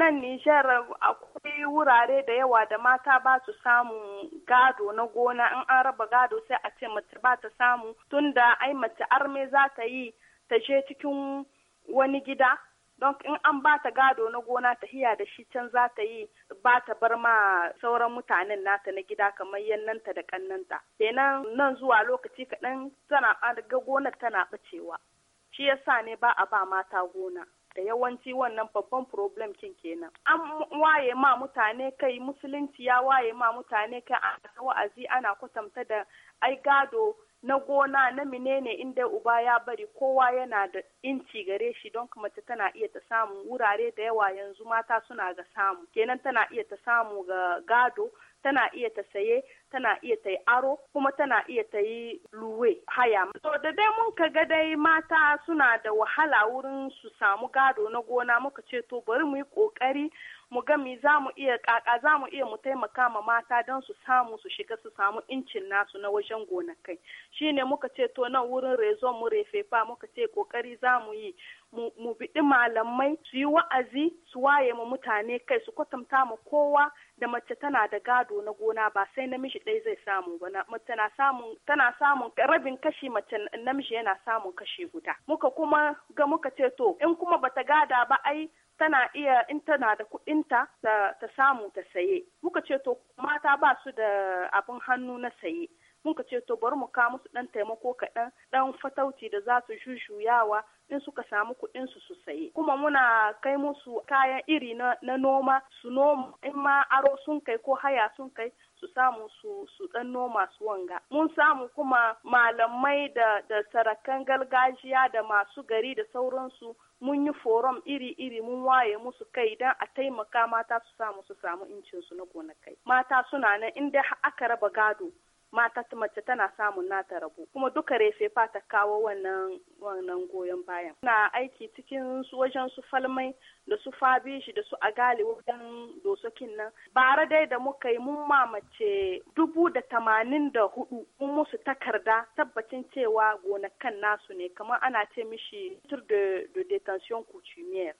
Nan Nijar akwai wurare da yawa da mata ba su samun gado na gona in an raba gado sai a ce mace ba ta samu tunda ai mace arme za ta yi ta je cikin wani gida don in an ba ta gado na gona ta hiya da shi can za ta yi ba ta bar ma sauran mutanen nata na gida kamar yannanta da kannanta kenan nan zuwa lokaci kaɗan tana ga gonar tana ɓacewa shi yasa ne ba a ba mata gona da yawanci wannan babban problem kin kenan an waye ma mutane kai musulunci ya waye ma mutane kai a wa'azi ana kwatanta da ai gado na gona na menene inda uba ya bari kowa yana da inci gare shi don mace tana iya ta samu wurare da yawa yanzu mata suna ga samu kenan tana iya ta samu ga gado tana iya ta saye tana iya ta yi aro kuma tana iya ta yi luwe haya to da dai mun ka ga dai mata suna da wahala wurin su samu gado na gona muka ce to bari mu yi kokari gami za mu iya kaka za mu iya mu taimaka ma mata don su samu su shiga su samu incin nasu na wajen gonakai shine muka ce to nan wurin rezo mu refefa muka ce kokari za mu yi mu biɗi malamai su yi wa'azi su waye ma mutane kai su kwatanta ma kowa da mace tana da gado na gona ba sai namiji ɗaya zai samu ba mace na samun tana samun rabin kashi mace namiji yana samun kashi guda muka kuma ga muka ce to in kuma bata gada ba ai tana iya in tana da kuɗinta ta samu ta saye muka ce to mata ba su da abin hannu na saye mun ka ce to bari mu kawo musu dan taimako kaɗan dan fatauci da za su shushuyawa in suka samu kuɗin su su saye kuma muna kai musu kayan iri na, noma su noma in ma aro sun kai ko haya sun kai su samu su dan noma su wanga mun samu kuma malamai da da sarakan gargajiya da masu gari da sauransu mun yi forum iri-iri mun waye musu kai don a taimaka mata su samu su samu incin su na gonakai mata suna nan inda aka raba gado mata mace tana samun nata rabo kuma duka refe fa ta kawo wannan goyon bayan na aiki cikin su wajen su falmai da su fabishi da su agali wajen dosokin nan bara dai da muka yi mun mamace dubu da tamanin da hudu mun musu takarda tabbacin cewa gonakan nasu ne kamar ana ce mishi tur de, detention coutumier